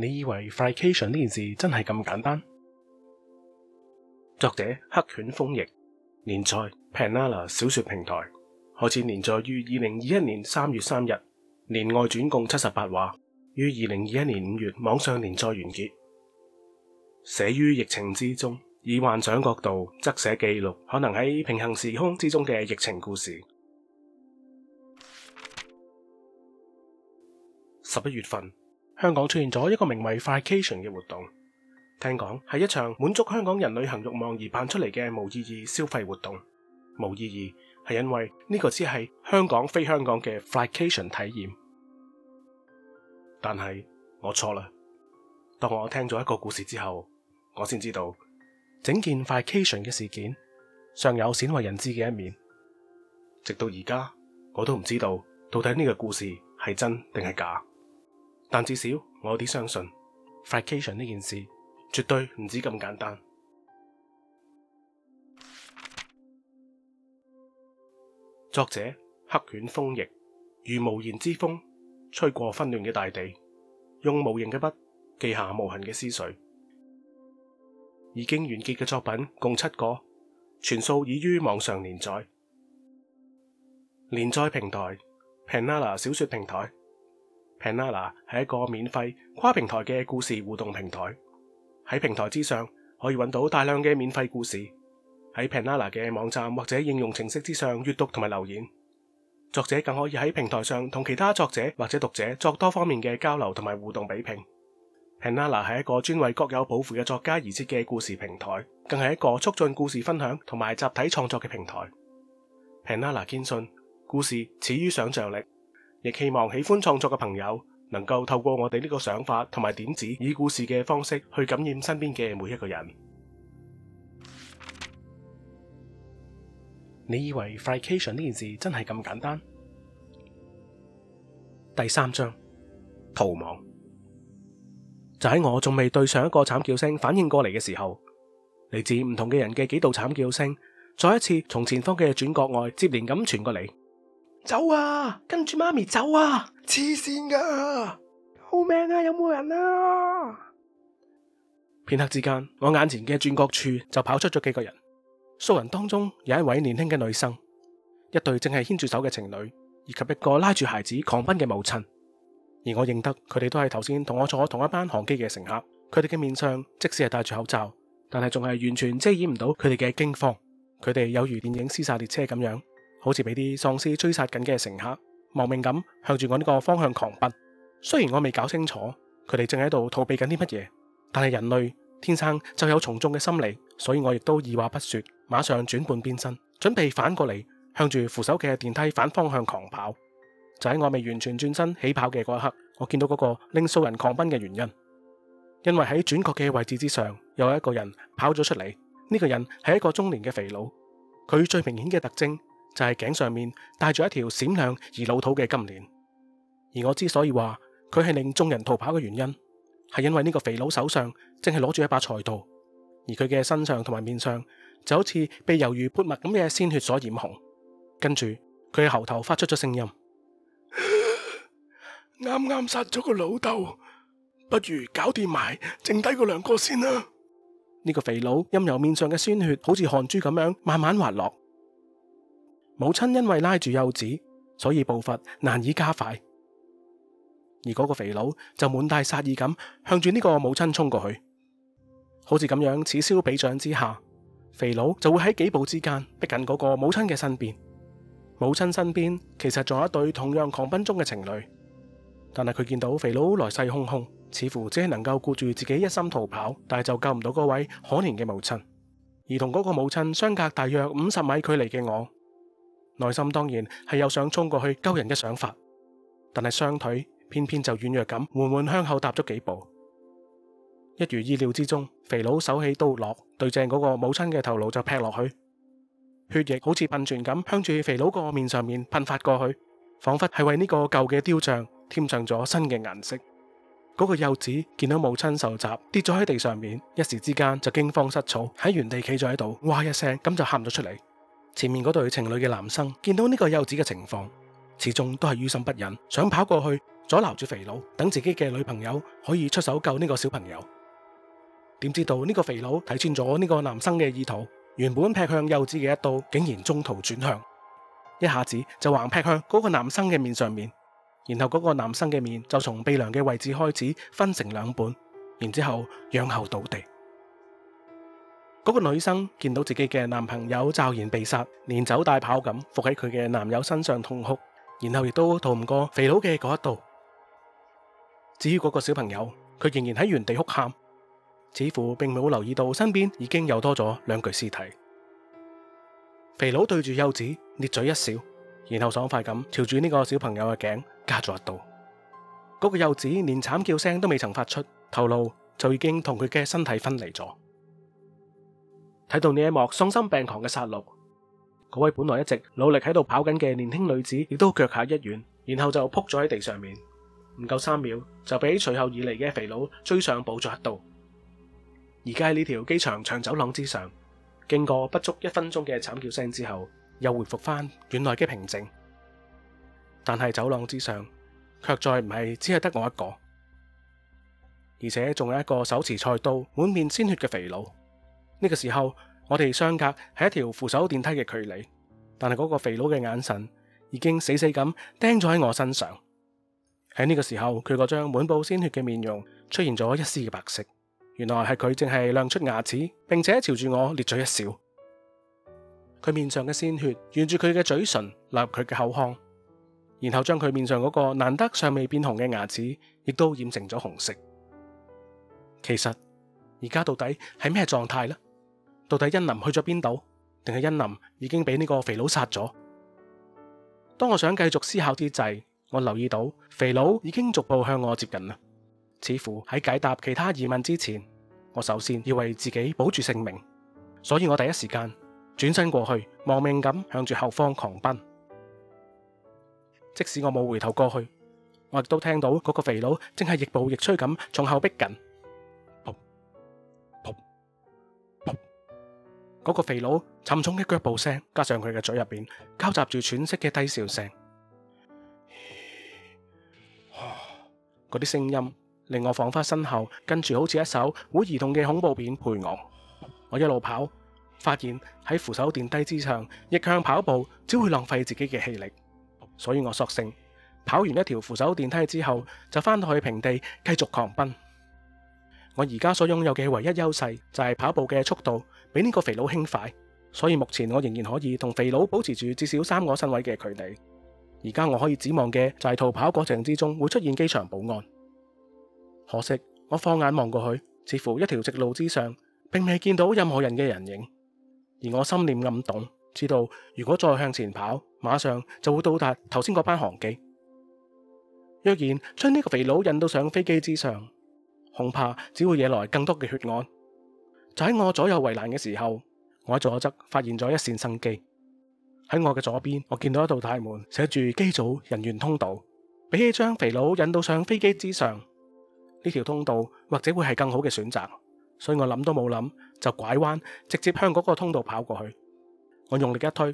你以為 Flycation 呢件事真係咁簡單？作者黑犬風易，連載 Penana 小說平台，開始連載於二零二一年三月三日，連外傳共七十八話，於二零二一年五月網上連載完結。寫於疫情之中，以幻想角度則寫記錄可能喺平行時空之中嘅疫情故事。十一月份。香港出現咗一個名為 “Flycation” 嘅活動，聽講係一場滿足香港人旅行慾望而辦出嚟嘅無意義消費活動。無意義係因為呢個只係香港飛香港嘅 Flycation 體驗。但係我錯啦，當我聽咗一個故事之後，我先知道整件 Flycation 嘅事件尚有鮮為人知嘅一面。直到而家，我都唔知道到底呢個故事係真定係假。但至少我有啲相信，Flycation 呢件事絕對唔止咁簡單。 作者黑犬風易，如無言之風，吹過紛亂嘅大地，用無形嘅筆，記下無痕嘅思緒。已經完結嘅作品共七個，全數已於網上連載。連載平台：Penana 小說平台。Penana 係一個免費跨平台嘅故事互動平台，喺平台之上可以揾到大量嘅免費故事，喺 Penana 嘅網站或者應用程式之上閲讀同埋留言。作者更可以喺平台上同其他作者或者讀者作多方面嘅交流同埋互動比拼。Penana 係一個專為各有抱負嘅作家而設嘅故事平台，更係一個促進故事分享同埋集體創作嘅平台。Penana 堅信故事始於想像力。亦希望喜歡創作嘅朋友能夠透過我哋呢個想法同埋點子，以故事嘅方式去感染身邊嘅每一個人。你以為 Flycation 呢件事真係咁簡單？第三章，逃亡。就喺我仲未對上一個慘叫聲反應過嚟嘅時候，嚟自唔同嘅人嘅幾道慘叫聲，再一次從前方嘅轉角外接連咁傳過嚟。走啊！跟住媽咪走啊！黐綫㗎！救命啊！有冇人啊？片刻之間，我眼前嘅轉角處就跑出咗幾個人。數人當中有一位年輕嘅女生，一對正係牽住手嘅情侶，以及一個拉住孩子狂奔嘅母親。而我認得佢哋都係頭先同我坐同一班航機嘅乘客。佢哋嘅面上即使係戴住口罩，但係仲係完全遮掩唔到佢哋嘅驚慌。佢哋有如電影《屍殺列車》咁樣好似俾啲喪屍追殺緊嘅乘客，亡命咁向住我呢個方向狂奔。雖然我未搞清楚佢哋正喺度逃避緊啲乜嘢，但係人類天生就有從眾嘅心理，所以我亦都二話不說，馬上轉半邊身，準備反過嚟向住扶手嘅電梯反方向狂跑。就喺我未完全轉身起跑嘅嗰一刻，我見到嗰個令所有人狂奔嘅原因，因為喺轉角嘅位置之上，有一個人跑咗出嚟。呢個人係一個中年嘅肥佬，佢最明顯嘅特徵。就係頸上面戴住一條閃亮而老土嘅金鏈，而我之所以話佢係令眾人逃跑嘅原因，係因為呢個肥佬手上淨係攞住一把菜刀，而佢嘅身上同埋面上就好似被猶如潑墨咁嘅鮮血所染紅。跟住佢嘅喉頭發出咗聲音，啱啱殺咗個老豆，不如搞掂埋，剩低個兩個先啦。呢個肥佬任由面上嘅鮮血好似汗珠咁樣慢慢滑落。母親因為拉住幼子，所以步伐難以加快，而嗰個肥佬就滿帶殺意咁向住呢個母親衝過去，好似咁樣此消彼長之下，肥佬就會喺幾步之間逼近嗰個母親嘅身邊。母親身邊其實仲有一對同樣狂奔中嘅情侶，但係佢見到肥佬來勢洶洶，似乎只係能夠顧住自己一心逃跑，但係就救唔到嗰位可憐嘅母親，而同嗰個母親相隔大約五十米距離嘅我。內心當然係有想衝過去救人嘅想法，但係雙腿偏偏就軟弱咁，緩緩向後踏咗幾步。一如意料之中，肥佬手起刀落，對正嗰個母親嘅頭顱就劈落去，血液好似噴泉咁向住肥佬個面上面噴發過去，仿佛係為呢個舊嘅雕像添上咗新嘅顏色。嗰個幼子見到母親受襲，跌咗喺地上面，一時之間就驚慌失措，喺原地企咗喺度，哇一聲咁就喊咗出嚟。前面嗰對情侶嘅男生見到呢個幼子嘅情況，始終都係於心不忍，想跑過去阻撓住肥佬，等自己嘅女朋友可以出手救呢個小朋友。點知道呢個肥佬睇穿咗呢個男生嘅意圖，原本劈向幼子嘅一刀，竟然中途轉向，一下子就橫劈向嗰個男生嘅面上面，然後嗰個男生嘅面就從鼻樑嘅位置開始分成兩半，然之後仰後倒地。嗰個女生見到自己嘅男朋友驟然被殺，連走帶跑咁伏喺佢嘅男友身上痛哭，然後亦都逃唔過肥佬嘅嗰一刀。至於嗰個小朋友，佢仍然喺原地哭喊，似乎並冇留意到身邊已經又多咗兩具屍體。肥佬對住幼子咧嘴一笑，然後爽快咁朝住呢個小朋友嘅頸加咗一刀。嗰個幼子連慘叫聲都未曾發出，頭顱就已經同佢嘅身體分離咗。睇到呢一幕喪心病狂嘅殺戮，嗰位本來一直努力喺度跑緊嘅年輕女子，亦都腳下一軟，然後就撲咗喺地上面，唔夠三秒就俾隨後而嚟嘅肥佬追上補咗一刀。而家喺呢條機場長走廊之上，經過不足一分鐘嘅慘叫聲之後，又回復翻原來嘅平靜。但係走廊之上，卻再唔係只係得我一個，而且仲有一個手持菜刀、滿面鮮血嘅肥佬。呢個時候，我哋相隔係一條扶手電梯嘅距離，但係嗰個肥佬嘅眼神已經死死咁盯咗喺我身上。喺呢個時候，佢嗰張滿布鮮血嘅面容出現咗一絲嘅白色，原來係佢淨係亮出牙齒，並且朝住我咧嘴一笑。佢面上嘅鮮血沿住佢嘅嘴唇流入佢嘅口腔，然後將佢面上嗰個難得尚未變紅嘅牙齒亦都染成咗紅色。其實而家到底係咩狀態呢？到底恩林去咗邊度？定係恩林已經俾呢個肥佬殺咗？當我想繼續思考之際，我留意到肥佬已經逐步向我接近啦。似乎喺解答其他疑問之前，我首先要為自己保住性命，所以我第一時間轉身過去，亡命咁向住後方狂奔。即使我冇回頭過去，我亦都聽到嗰個肥佬正係亦步亦趨咁從後逼近。嗰個肥佬沉重嘅腳步聲，加上佢嘅嘴入邊交雜住喘息嘅低笑聲，嗰啲聲音令我彷佛身後跟住好似一首會移動嘅恐怖片陪我。我一路跑，發現喺扶手電梯之上逆向跑步只會浪費自己嘅氣力，所以我索性跑完一條扶手電梯之後就翻到去平地繼續狂奔。我而家所擁有嘅唯一優勢就係跑步嘅速度。比呢個肥佬輕快，所以目前我仍然可以同肥佬保持住至少三個身位嘅距離。而家我可以指望嘅就係逃跑過程之中會出現機場保安。可惜我放眼望過去，似乎一條直路之上，並未見到任何人嘅人影。而我心念暗動，知道如果再向前跑，馬上就會到達頭先嗰班航機。若然將呢個肥佬引到上飛機之上，恐怕只會惹來更多嘅血案。就喺我左右為難嘅時候，我喺左側發現咗一線生機。喺我嘅左邊，我見到一道大門，寫住機組人員通道。比起將肥佬引到上飛機之上，呢條通道或者會係更好嘅選擇。所以我諗都冇諗，就拐彎直接向嗰個通道跑過去。我用力一推，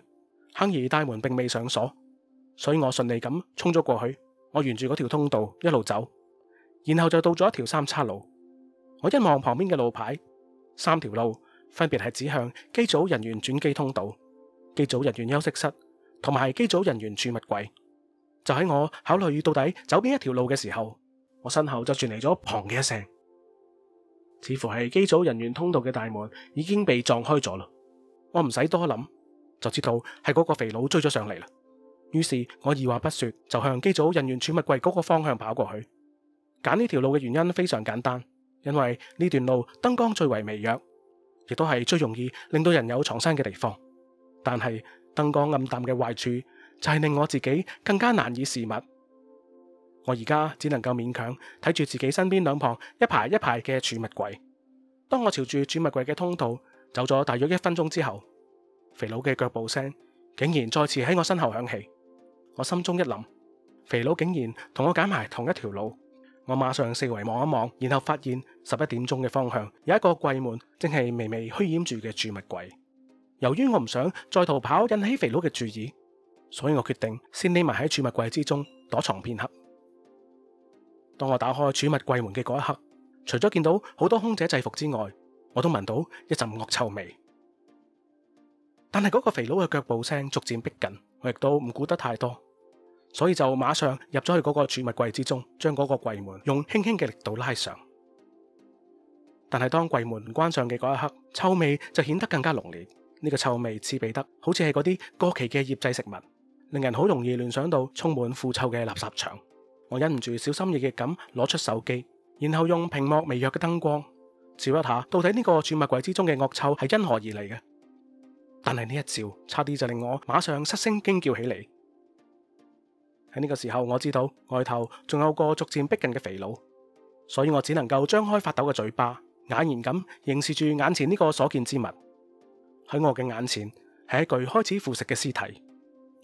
幸而大門並未上鎖，所以我順利咁衝咗過去。我沿住嗰條通道一路走，然後就到咗一條三叉路。我一望旁邊嘅路牌。三條路分別係指向機組人員轉機通道、機組人員休息室同埋機組人員儲物櫃。就喺我考慮到底走邊一條路嘅時候，我身後就傳嚟咗砰嘅一聲，似乎係機組人員通道嘅大門已經被撞開咗啦。我唔使多諗，就知道係嗰個肥佬追咗上嚟啦。於是我二話不說就向機組人員儲物櫃嗰個方向跑過去。揀呢條路嘅原因非常簡單。因為呢段路燈光最為微弱，亦都係最容易令到人有藏身嘅地方。但係燈光暗淡嘅壞處，就係令我自己更加難以視物。我而家只能夠勉強睇住自己身邊兩旁一排一排嘅儲物櫃。當我朝住儲物櫃嘅通道走咗大約一分鐘之後，肥佬嘅腳步聲竟然再次喺我身後響起。我心中一諗，肥佬竟然同我揀埋同一條路。我馬上四圍望一望，然後發現十一點鐘嘅方向有一個櫃門，正係微微虛掩住嘅儲物櫃。由於我唔想再逃跑引起肥佬嘅注意，所以我決定先匿埋喺儲物櫃之中躲藏片刻。當我打開儲物櫃門嘅嗰一刻，除咗見到好多空姐制服之外，我都聞到一陣惡臭味。但係嗰個肥佬嘅腳步聲逐漸逼近，我亦都唔顧得太多。所以就馬上入咗去嗰個儲物櫃之中，將嗰個櫃門用輕輕嘅力度拉上。但係當櫃門關上嘅嗰一刻，臭味就顯得更加濃烈。呢、這個臭味刺鼻得，好似係嗰啲過期嘅醃製食物，令人好容易聯想到充滿腐臭嘅垃圾場。我忍唔住小心翼翼咁攞出手機，然後用屏幕微弱嘅燈光照一下，到底呢個儲物櫃之中嘅惡臭係因何而嚟嘅？但係呢一照，差啲就令我馬上失聲驚叫起嚟。喺呢個時候，我知道外頭仲有個逐漸逼近嘅肥佬，所以我只能夠張開發抖嘅嘴巴，啞然咁凝視住眼前呢個所見之物。喺我嘅眼前係一具開始腐蝕嘅屍體，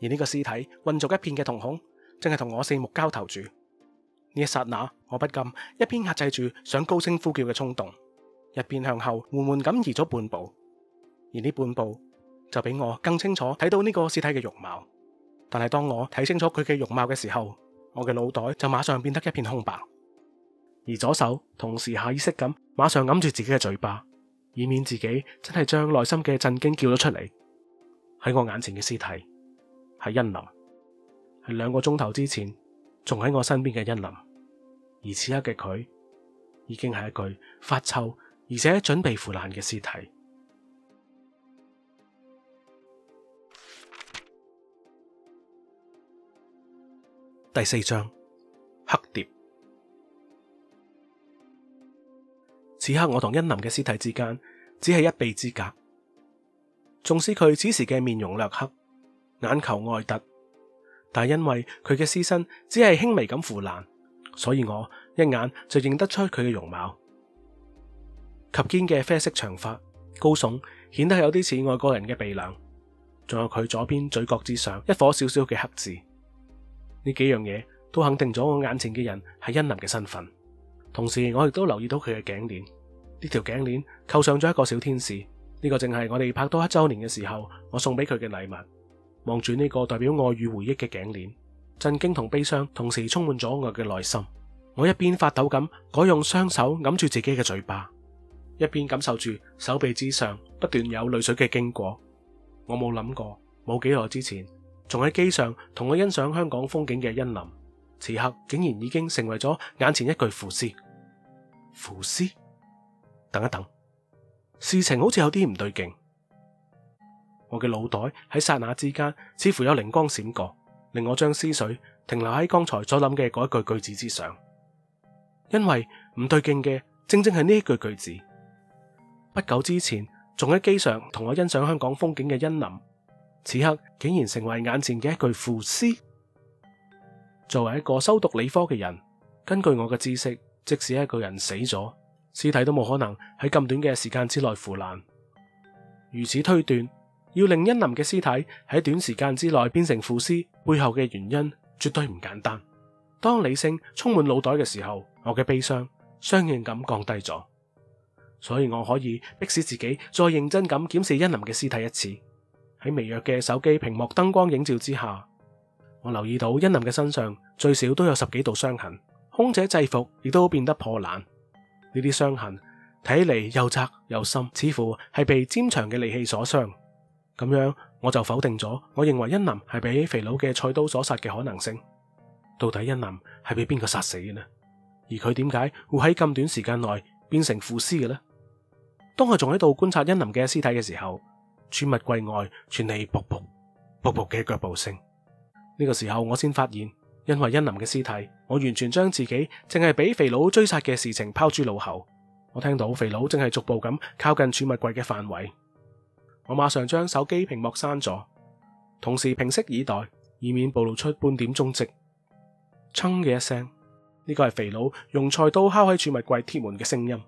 而呢個屍體渾濁一片嘅瞳孔正係同我四目交投住。呢一剎那，我不禁一邊壓制住想高聲呼叫嘅衝動，一邊向後緩緩咁移咗半步，而呢半步就俾我更清楚睇到呢個屍體嘅容貌。但係當我睇清楚佢嘅容貌嘅時候，我嘅腦袋就馬上變得一片空白，而左手同時下意識咁馬上揞住自己嘅嘴巴，以免自己真係將內心嘅震驚叫咗出嚟。喺我眼前嘅屍體，係恩林，係兩個鐘頭之前仲喺我身邊嘅恩林，而此刻嘅佢，已經係一具發臭而且準備腐爛嘅屍體。第四章，黑蝶。此刻我同恩林嘅屍體之間只係一臂之隔。縱使佢此時嘅面容略黑，眼球外凸，但因為佢嘅屍身只係輕微咁腐爛，所以我一眼就認得出佢嘅容貌。及肩嘅啡色長髮高聳，顯得有啲似外國人嘅鼻梁。仲有佢左邊嘴角之上一顆小小嘅黑痣。呢幾樣嘢都肯定咗我眼前嘅人係欣林嘅身份，同時我亦都留意到佢嘅頸鏈，呢條頸鏈扣上咗一個小天使，呢個正係我哋拍拖一周年嘅時候我送俾佢嘅禮物。望住呢個代表愛與回憶嘅頸鏈，震驚同悲傷同時充滿咗我嘅內心。我一邊發抖咁，改用雙手揞住自己嘅嘴巴，一邊感受住手臂之上不斷有淚水嘅經過。我冇諗過，冇幾耐之前。仲喺機上同我欣賞香港風景嘅恩林，此刻竟然已經成為咗眼前一具腐屍。腐屍？等一等，事情好似有啲唔對勁。我嘅腦袋喺剎那之間，似乎有靈光閃過，令我將思緒停留喺剛才所諗嘅嗰一句句子之上。因為唔對勁嘅，正正係呢一句句子。不久之前，仲喺機上同我欣賞香港風景嘅恩林，此刻竟然成為眼前嘅一具腐屍。作為一個修讀理科嘅人，根據我嘅知識，即使一個人死咗，屍體都冇可能喺咁短嘅時間之內腐爛。如此推斷，要令恩林嘅屍體喺短時間之內變成腐屍，背後嘅原因絕對唔簡單。當理性充滿腦袋嘅時候，我嘅悲傷相應咁降低咗，所以我可以迫使自己再認真咁檢視恩林嘅屍體一次。喺微弱嘅手機屏幕燈光映照之下，我留意到恩林嘅身上最少都有十幾道傷痕，空姐制服亦都變得破爛。呢啲傷痕睇嚟又窄又深，似乎係被尖長嘅利器所傷。咁樣我就否定咗，我認為恩林係被肥佬嘅菜刀所殺嘅可能性。到底恩林係被邊個殺死嘅呢？而佢點解會喺咁短時間內變成腐屍嘅呢？當我仲喺度觀察恩林嘅屍體嘅時候，儲物櫃外傳嚟噗噗噗噗嘅腳步聲，呢個時候我先發現，因為恩林嘅屍體，我完全將自己淨係俾肥佬追殺嘅事情拋諸腦後。我聽到肥佬正係逐步咁靠近儲物櫃嘅範圍，我馬上將手機屏幕閂咗，同時屏息以待，以免暴露出半點蹤跡。噌嘅一聲，呢個係肥佬用菜刀敲喺儲物櫃鐵門嘅聲音。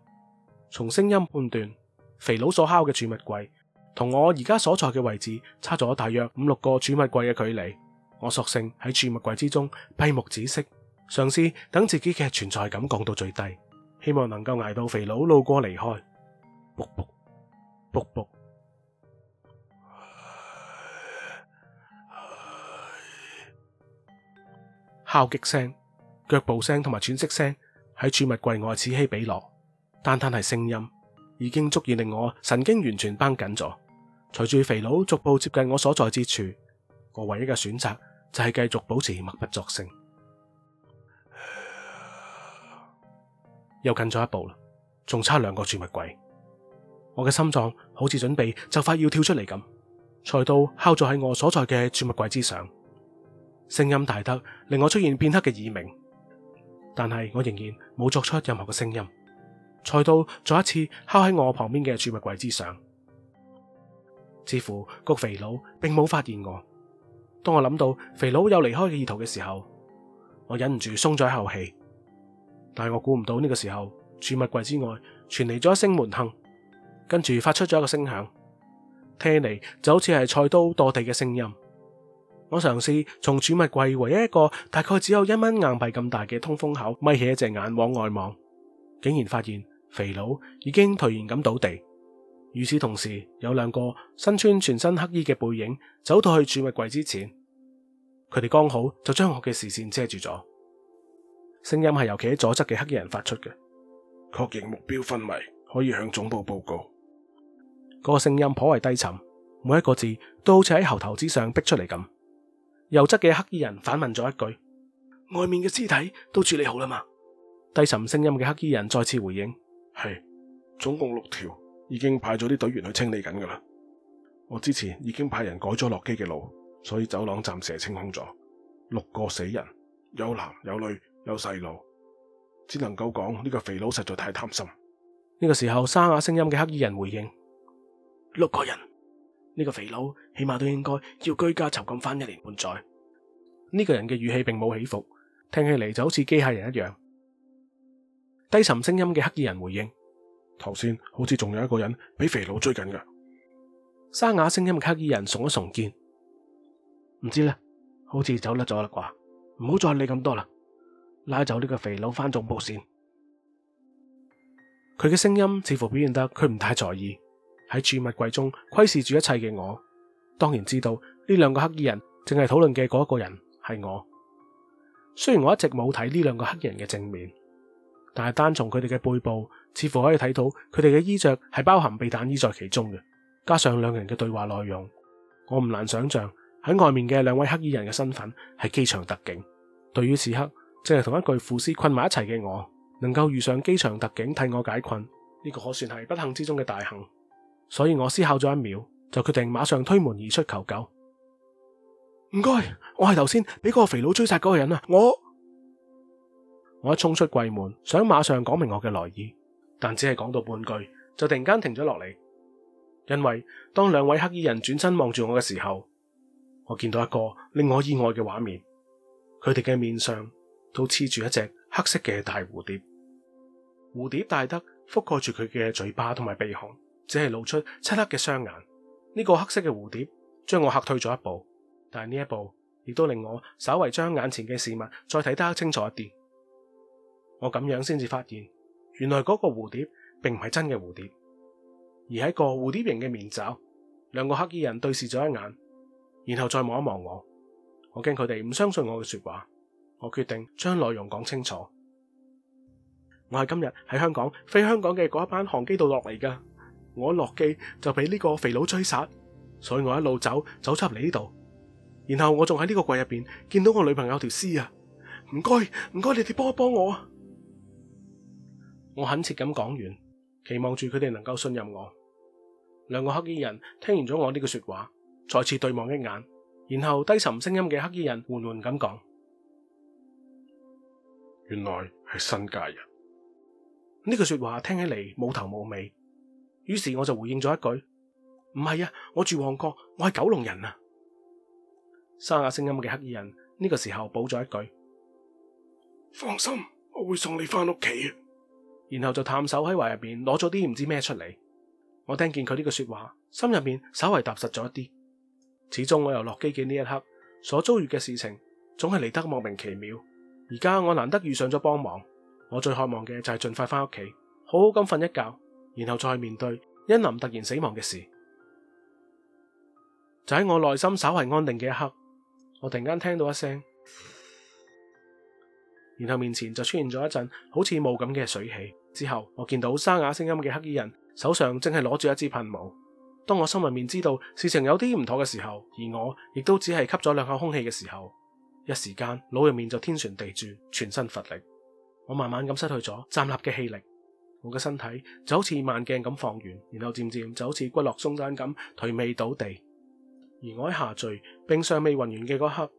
從聲音判斷，肥佬所敲嘅儲物櫃。同我而家所在嘅位置差咗大約五六個儲物櫃嘅距離，我索性喺儲物櫃之中閉目止息，嘗試等自己嘅存在感降到最低，希望能夠挨到肥佬路,路過離開。卜卜卜卜，敲擊 聲、腳步聲同埋喘息聲喺儲物櫃外此起彼落，單單係聲音已經足以令我神經完全繃緊咗。隨住肥佬逐步接近我所在之處，我唯一嘅選擇就係繼續保持默不作聲。又近咗一步啦，仲差兩個儲物櫃。我嘅心臟好似準備就快要跳出嚟咁。菜刀敲咗喺我所在嘅儲物櫃之上，聲音大得令我出現片刻嘅耳鳴。但係我仍然冇作出任何嘅聲音。菜刀再一次敲喺我旁邊嘅儲物櫃之上。似乎個肥佬並冇發現我。當我諗到肥佬有離開嘅意圖嘅時候，我忍唔住鬆咗一口氣。但係我估唔到呢個時候，儲物櫃之外傳嚟咗一聲門響，跟住發出咗一個聲響，聽嚟就好似係菜刀剁地嘅聲音。我嘗試從儲物櫃唯一一個大概只有一蚊硬幣咁大嘅通風口眯起一隻眼往外望，竟然發現肥佬已經頹然咁倒地。與此同時，有兩個身穿全身黑衣嘅背影走到去儲物櫃之前，佢哋剛好就將我嘅視線遮住咗。聲音係由企喺左側嘅黑衣人發出嘅。確認目標範圍，可以向總部報告。嗰個聲音頗為低沉，每一個字都好似喺喉頭之上逼出嚟咁。右側嘅黑衣人反問咗一句：外面嘅屍體都處理好啦嘛？低沉聲音嘅黑衣人再次回應：係，總共六條。已經派咗啲隊員去清理緊噶啦，我之前已經派人改咗落機嘅路，所以走廊暫時清空咗。六個死人，有男有女有細路，只能夠講呢個肥佬實在太貪心。呢個時候沙啞聲音嘅黑衣人回應：六個人，呢個肥佬起碼都應該要居家囚禁翻一年半載。呢個人嘅語氣並冇起伏，聽起嚟就好似機械人一樣。低沉聲音嘅黑衣人回應。頭先好似仲有一個人比肥佬追緊嘅，沙啞聲音嘅黑衣人聳一聳肩，唔知啦，好似走甩咗啦啩，唔好再理咁多啦，拉走呢個肥佬翻總部先。佢嘅聲音似乎表現得佢唔太在意。喺儲物櫃中窺視住一切嘅我，當然知道呢兩個黑衣人淨係討論嘅嗰一個人係我。雖然我一直冇睇呢兩個黑衣人嘅正面，但係單從佢哋嘅背部。似乎可以睇到佢哋嘅衣着係包含避彈衣在其中嘅，加上兩人嘅對話內容，我唔難想象喺外面嘅兩位黑衣人嘅身份係機場特警。對於此刻正係同一具腐屍困埋一齊嘅我，能夠遇上機場特警替我解困，呢個可算係不幸之中嘅大幸。所以我思考咗一秒，就決定馬上推門而出求救。唔該，我係頭先俾嗰個肥佬追殺嗰個人啊！我我一衝出櫃門，想馬上講明我嘅來意。但只係講到半句，就突然間停咗落嚟。因為當兩位黑衣人轉身望住我嘅時候，我見到一個令我意外嘅畫面。佢哋嘅面上都黐住一隻黑色嘅大蝴蝶，蝴蝶大得覆蓋住佢嘅嘴巴同埋鼻孔，只係露出漆黑嘅雙眼。呢個黑色嘅蝴蝶將我嚇退咗一步，但係呢一步亦都令我稍微將眼前嘅事物再睇得清楚一啲。我咁樣先至發現。原來嗰個蝴蝶並唔係真嘅蝴蝶，而係個蝴蝶形嘅面罩。兩個黑衣人對視咗一眼，然後再望一望我。我驚佢哋唔相信我嘅說話，我決定將內容講清楚。我係今日喺香港飛香港嘅嗰一班航機度落嚟㗎，我一落機就俾呢個肥佬追殺，所以我一路走走出嚟呢度，然後我仲喺呢個櫃入邊見到我女朋友條屍啊！唔該，唔該，你哋幫一幫我我懇切咁講完，期望住佢哋能夠信任我。兩個黑衣人聽完咗我呢句說話，再次對望一眼，然後低沉聲音嘅黑衣人緩緩咁講：原來係新界人。呢句說話聽起嚟冇頭冇尾，於是我就回應咗一句：唔係啊，我住旺角，我係九龍人啊。沙啞聲音嘅黑衣人呢個時候補咗一句：放心，我會送你返屋企。然後就探手喺懷入邊攞咗啲唔知咩出嚟，我聽見佢呢個說話，心入面稍為踏實咗一啲。始終我又落機嘅呢一刻所遭遇嘅事情，總係嚟得莫名其妙。而家我難得遇上咗幫忙，我最渴望嘅就係盡快翻屋企，好好咁瞓一覺，然後再去面對一林突然死亡嘅事。就喺我內心稍為安定嘅一刻，我突然間聽到一聲，然後面前就出現咗一陣好似霧咁嘅水氣。之後，我見到沙啞聲音嘅黑衣人手上正係攞住一支噴霧。當我心入面知道事情有啲唔妥嘅時候，而我亦都只係吸咗兩口空氣嘅時候，一時間腦入面就天旋地轉，全身乏力。我慢慢咁失去咗站立嘅氣力，我嘅身體就好似慢鏡咁放完，然後漸漸就好似骨落鬆散咁頹靡倒地。而我喺下墜並尚未暈完嘅嗰刻，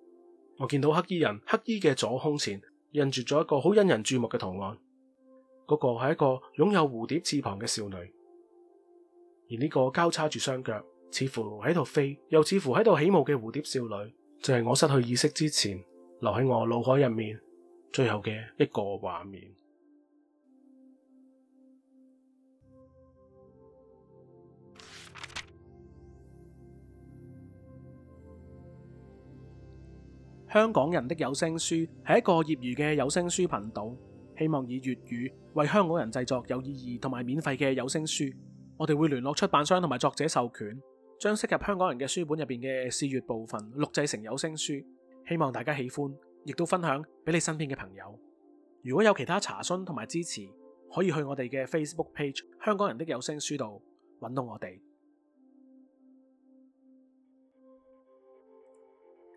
我見到黑衣人黑衣嘅左胸前印住咗一個好引人注目嘅圖案。嗰個係一個擁有蝴蝶翅膀嘅少女，而呢個交叉住雙腳，似乎喺度飛，又似乎喺度起舞嘅蝴蝶少女，就係我失去意識之前留喺我腦海入面最後嘅一個畫面。香港人的有聲書係一個業餘嘅有聲書頻道，希望以粵語，為香港人製作有意義同埋免費嘅有聲書，我哋會聯絡出版商同埋作者授權，將適合香港人嘅書本入邊嘅試閱部分錄製成有聲書，希望大家喜歡，亦都分享俾你身邊嘅朋友。如果有其他查詢同埋支持，可以去我哋嘅 Facebook Page《香港人的有聲書》度揾到我哋。